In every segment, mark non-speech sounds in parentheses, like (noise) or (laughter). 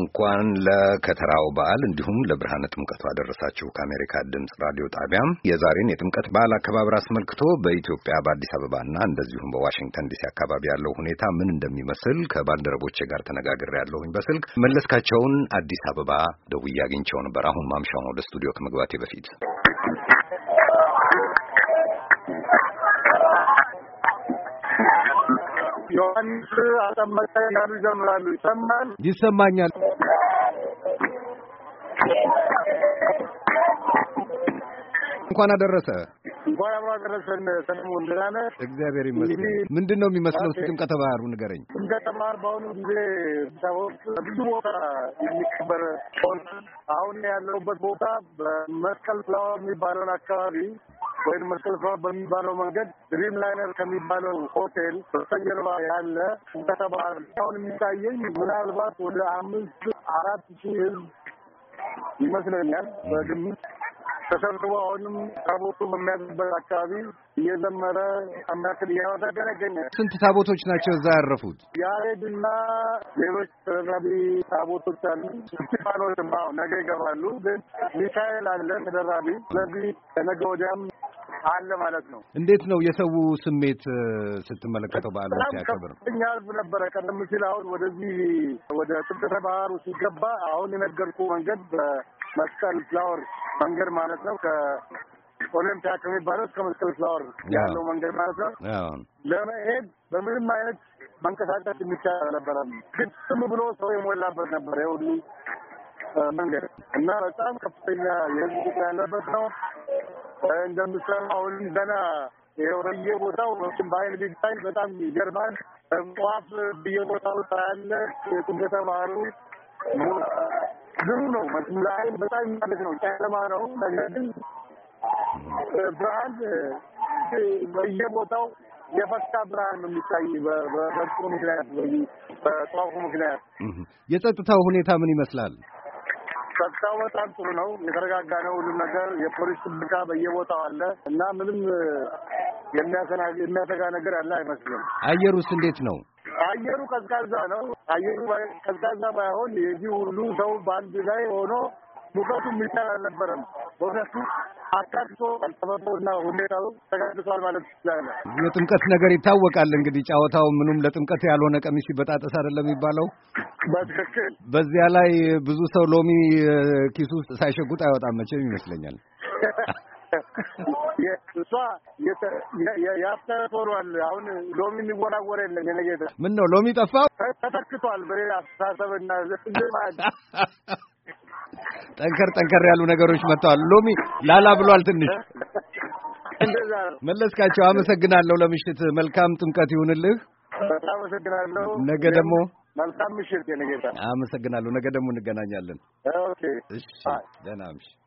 እንኳን ለከተራው በዓል እንዲሁም ለብርሃነ ጥምቀቱ አደረሳችሁ። ከአሜሪካ ድምፅ ራዲዮ ጣቢያም የዛሬን የጥምቀት በዓል አከባበር አስመልክቶ በኢትዮጵያ በአዲስ አበባና እንደዚሁም በዋሽንግተን ዲሲ አካባቢ ያለው ሁኔታ ምን እንደሚመስል ከባልደረቦቼ ጋር ተነጋግሬ ያለሁኝ በስልክ መለስካቸውን አዲስ አበባ ደውዬ አግኝቸው ነበር። አሁን ማምሻው ነው ወደ ስቱዲዮ ከመግባቴ በፊት ዮሐንስ አጠመቀ ያሉ ይዘምራሉ። ይሰማል፣ ይሰማኛል። እንኳን አደረሰ። እንኳን አብሮ አደረሰን። ሰለሞን ደህና ነህ? እግዚአብሔር ይመስገን። ምንድን ነው የሚመስለው? እስኪ ጥምቀተ ባህሩ ንገረኝ። ጥምቀተ ባህር በአሁኑ ጊዜ ሰዎች ብዙ ቦታ የሚከበር ሆነ። አሁን ያለሁበት ቦታ በመስቀል ፍላዋ የሚባለውን አካባቢ ወይም መስቀል ፍላዋ በሚባለው መንገድ ድሪም ላይነር ከሚባለው ሆቴል በስተጀርባ ያለ ከተባለ አሁን የሚታየኝ ምናልባት ወደ አምስት አራት ሺህ ህዝብ ይመስለኛል በግምት ተሰብስቦ አሁንም ታቦቱ በሚያዝበት አካባቢ እየዘመረ አምናክል እያወዳደረ ይገኛል። ስንት ታቦቶች ናቸው እዛ ያረፉት? ያሬድና ሌሎች ተደራቢ ታቦቶች አሉ። ስቲፋኖችም ነገ ይገባሉ። ግን ሚካኤል አለ ተደራቢ። ስለዚህ ከነገ ወዲያም አለ ማለት ነው። እንዴት ነው የሰው ስሜት ስትመለከተው በዓሉ ሲያከብር? እኛ ህዝብ ነበረ ቀደም ሲል አሁን ወደዚህ ወደ ጥምቀተ ባህሩ ሲገባ አሁን የነገርኩ መንገድ በመስቀል ፍላወር መንገድ ማለት ነው ከኦሎምፒያ ከሚባለው እስከ መስቀል ፍላወር ያለው መንገድ ማለት ነው ለመሄድ በምንም አይነት መንቀሳቀስ የሚቻል አልነበረም። ግን ስም ብሎ ሰው የሞላበት ነበር የሁሉ መንገድ እና በጣም ከፍተኛ የህዝብ ቁጥር ያለበት ነው። እንደምሰማው ገና ቦታው በየቦታው በአይን ቢታይ በጣም ይገርማል። ጠዋፍ በየቦታው ታያለ። የተማሩ ዝሩ ነው ለአይን በጣም ማለት ነው። ጨለማ ነው፣ ነገር ግን ብርሃን በየቦታው የፈካ ብርሃን ነው የሚታይ በጥሩ ምክንያት በጠዋፉ ምክንያት። የጸጥታው ሁኔታ ምን ይመስላል? ጸጥታው በጣም ጥሩ ነው፣ የተረጋጋ ነው ሁሉም ነገር። የፖሊስ ጥበቃ በየቦታው አለ እና ምንም የሚያሰጋ ነገር ያለ አይመስልም። አየሩስ እንዴት ነው? አየሩ ቀዝቃዛ ነው። አየሩ ቀዝቃዛ ባይሆን የዚህ ሁሉ ሰው በአንድ ላይ ሆኖ ሙቀቱ የሚቻል አልነበረም በእውነቱ አካቶ እና ሁኔታው ተጋግሷል ማለት ይችላል። የጥምቀት ነገር ይታወቃል እንግዲህ ጨዋታው ምኑም ለጥምቀት ያልሆነ ቀሚስ በጣጥስ አይደለም የሚባለው በትክክል በዚያ ላይ ብዙ ሰው ሎሚ ኪሱ ውስጥ ሳይሸጉጥ አይወጣም መቼም ይመስለኛል። (laughs) እሷ ያስተቶሯል። አሁን ሎሚ የሚወራወር የለም። የነገ ምን ነው ሎሚ ጠፋ ተተክቷል። በሌላ አስተሳሰብና (laughs) ጠንከር ጠንከር ያሉ ነገሮች መጥተዋል። ሎሚ ላላ ብሏል ትንሽ መለስካቸው፣ አመሰግናለሁ። ለምሽት መልካም ጥምቀት ይሁንልህ። አመሰግናለሁ። ነገ ደግሞ መልካም ምሽት ጌታ። አመሰግናለሁ። ነገ ደግሞ እንገናኛለን። ኦኬ፣ እሺ፣ ደህና ምሽት።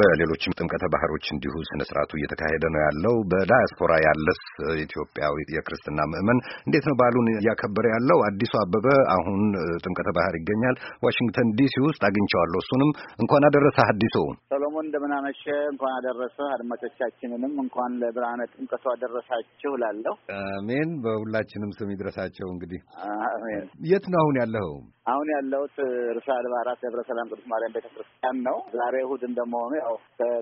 በሌሎችም ጥምቀተ ባህሮች እንዲሁ ስነ ስርዓቱ እየተካሄደ ነው ያለው። በዳያስፖራ ያለስ ኢትዮጵያዊ የክርስትና ምዕመን እንዴት ነው በዓሉን እያከበረ ያለው? አዲሱ አበበ አሁን ጥምቀተ ባህር ይገኛል ዋሽንግተን ዲሲ ውስጥ አግኝቸዋለሁ። እሱንም እንኳን አደረሰ አዲሱ። ሰሎሞን እንደምን አመሸ? እንኳን አደረሰ አድማጮቻችንንም እንኳን ለብርሃነ ጥምቀቱ አደረሳችሁ ላለሁ አሜን። በሁላችንም ስም ይድረሳቸው። እንግዲህ አሜን። የት ነው አሁን ያለኸው? አሁን ያለሁት ርዕሰ አድባራት ደብረ ሰላም ቅዱስ ማርያም ቤተክርስቲያን ነው። ዛሬ ሁድ? እንደመሆኑ ያው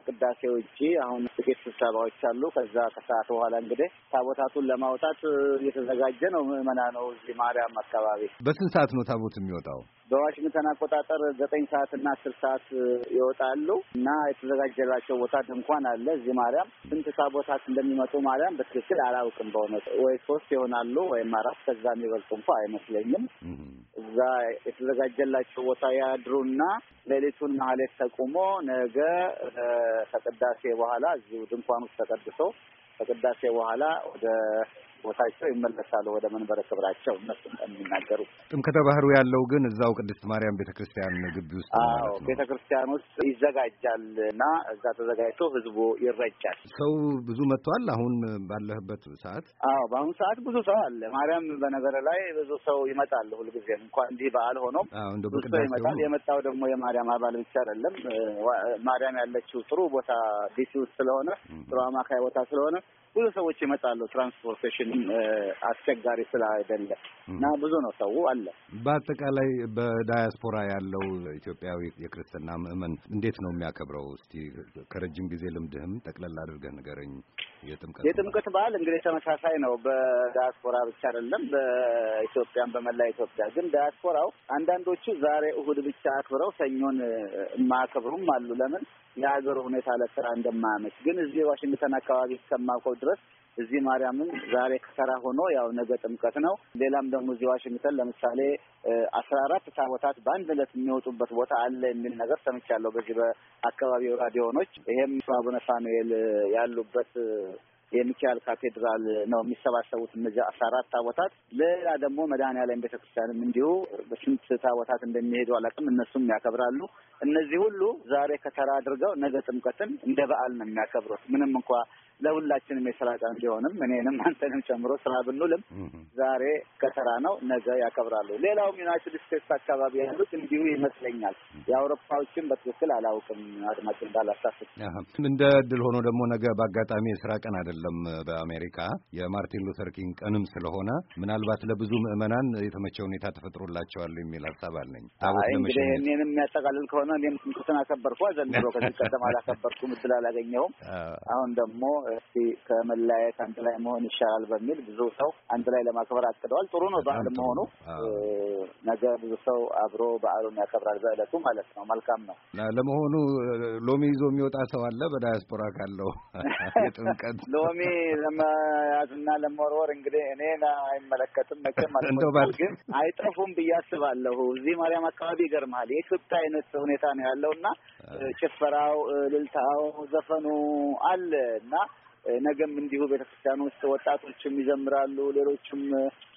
ከቅዳሴ ውጪ አሁን ጥቂት ስብሰባዎች አሉ። ከዛ ከሰዓት በኋላ እንግዲህ ታቦታቱን ለማውጣት እየተዘጋጀ ነው። ምዕመና ነው እዚህ ማርያም አካባቢ። በስንት ሰዓት ነው ታቦት የሚወጣው? በዋሽንግተን አቆጣጠር ዘጠኝ ሰዓት እና አስር ሰዓት ይወጣሉ እና የተዘጋጀላቸው ቦታ ድንኳን አለ እዚህ ማርያም። ስንት ታቦታት እንደሚመጡ ማርያም በትክክል አላውቅም በእውነት ወይ ሶስት ይሆናሉ ወይም አራት ከዛ የሚበልጡ እንኳ አይመስለኝም። እዛ የተዘጋጀላቸው ቦታ ያድሩና ሌሊቱን ማህሌት ተቁሞ ነገ ከቅዳሴ በኋላ እዚሁ ድንኳን ውስጥ ተቀድሶ ከቅዳሴ በኋላ ወደ ቦታቸው ይመለሳሉ ወደ መንበረ ክብራቸው እነሱ እንደሚናገሩ ጥምቀተ ባህሩ ያለው ግን እዛው ቅድስት ማርያም ቤተ ክርስቲያን ግቢ ውስጥ ነው። ቤተ ክርስቲያን ውስጥ ይዘጋጃል እና እዛ ተዘጋጅቶ ህዝቡ ይረጫል። ሰው ብዙ መጥቷል። አሁን ባለህበት ሰዓት? አዎ፣ በአሁኑ ሰዓት ብዙ ሰው አለ። ማርያም በነገር ላይ ብዙ ሰው ይመጣል። ሁልጊዜ እንኳን እንዲህ በዓል ሆኖም ሰው ይመጣል። የመጣው ደግሞ የማርያም አባል ብቻ አይደለም። ማርያም ያለችው ጥሩ ቦታ ዲሲ ውስጥ ስለሆነ ጥሩ አማካይ ቦታ ስለሆነ ብዙ ሰዎች ይመጣሉ። ትራንስፖርቴሽን አስቸጋሪ ስለ እና ብዙ ነው ሰው አለ። በአጠቃላይ በዳያስፖራ ያለው ኢትዮጵያዊ የክርስትና ምዕመን እንዴት ነው የሚያከብረው? እስቲ ከረጅም ጊዜ ልምድህም ጠቅለል አድርገህ ንገረኝ። የጥምቀት የጥምቀት በዓል እንግዲህ ተመሳሳይ ነው። በዳያስፖራ ብቻ አይደለም፣ በኢትዮጵያን በመላ ኢትዮጵያ ግን ዳያስፖራው አንዳንዶቹ ዛሬ እሁድ ብቻ አክብረው ሰኞን የማያከብሩም አሉ። ለምን የሀገር ሁኔታ ለስራ እንደማያመች ግን እዚህ ዋሽንግተን አካባቢ እስከማውቀው ድረስ እዚህ ማርያምም ዛሬ ከተራ ሆኖ ያው ነገ ጥምቀት ነው። ሌላም ደግሞ እዚህ ዋሽንግተን ለምሳሌ አስራ አራት ታቦታት በአንድ ዕለት የሚወጡበት ቦታ አለ የሚል ነገር ሰምቻለሁ በዚህ በአካባቢው ራዲዮኖች። ይሄም አቡነ ሳሙኤል ያሉበት የሚካኤል ካቴድራል ነው የሚሰባሰቡት እነዚህ አስራ አራት ታቦታት። ሌላ ደግሞ መድኃኔዓለም ቤተክርስቲያንም እንዲሁ በስንት ታቦታት እንደሚሄዱ አላውቅም። እነሱም ያከብራሉ። እነዚህ ሁሉ ዛሬ ከተራ አድርገው ነገ ጥምቀትን እንደ በዓል ነው የሚያከብሩት ምንም እንኳ ለሁላችንም የስራ ቀን ቢሆንም እኔንም አንተንም ጨምሮ ስራ ብንውልም ዛሬ ከሰራ ነው፣ ነገ ያከብራሉ። ሌላውም ዩናይትድ ስቴትስ አካባቢ ያሉት እንዲሁ ይመስለኛል። የአውሮፓዎችን በትክክል አላውቅም፣ አድማጭ እንዳላሳስብ። እንደ እድል ሆኖ ደግሞ ነገ በአጋጣሚ የስራ ቀን አይደለም በአሜሪካ የማርቲን ሉተር ኪንግ ቀንም ስለሆነ ምናልባት ለብዙ ምዕመናን የተመቸ ሁኔታ ተፈጥሮላቸዋል የሚል ሀሳብ አለኝ። እንግዲህ እኔንም የሚያጠቃልል ከሆነ እኔም እንትን አከበርኩ ዘንድሮ ከዚህ ቀደም አላከበርኩም፣ እድል አላገኘሁም። አሁን ደግሞ እስቲ ከመለያየት አንድ ላይ መሆን ይሻላል በሚል ብዙ ሰው አንድ ላይ ለማክበር አቅደዋል። ጥሩ ነው በዓል መሆኑ። ነገ ብዙ ሰው አብሮ በዓሉን ያከብራል፣ በዕለቱ ማለት ነው። መልካም ነው። ለመሆኑ ሎሚ ይዞ የሚወጣ ሰው አለ? በዳያስፖራ ካለው (laughs) የጥምቀት (laughs) ሎሚ ለመያዝና ለመወርወር እንግዲህ እኔን አይመለከትም መቼም አለ፣ ግን አይጠፉም ብዬ አስባለሁ። እዚህ ማርያም አካባቢ ይገርመሃል፣ የኢትዮጵያ አይነት ሁኔታ ነው ያለው እና ጭፈራው፣ እልልታው፣ ዘፈኑ አለ እና ነገም እንዲሁ ቤተክርስቲያን ውስጥ ወጣቶችም ይዘምራሉ፣ ሌሎችም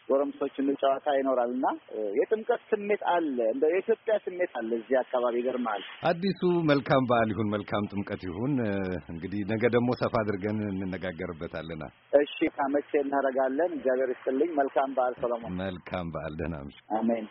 ጎረምሶችም ጨዋታ ይኖራል እና የጥምቀት ስሜት አለ፣ እንደ የኢትዮጵያ ስሜት አለ እዚህ አካባቢ። ይገርማል። አዲሱ መልካም በዓል ይሁን፣ መልካም ጥምቀት ይሁን። እንግዲህ ነገ ደግሞ ሰፋ አድርገን እንነጋገርበታለና እሺ፣ መቼ እናደርጋለን? እግዚአብሔር ይስጥልኝ። መልካም በዓል ሰለሞን። መልካም በዓል። ደህና አሜን።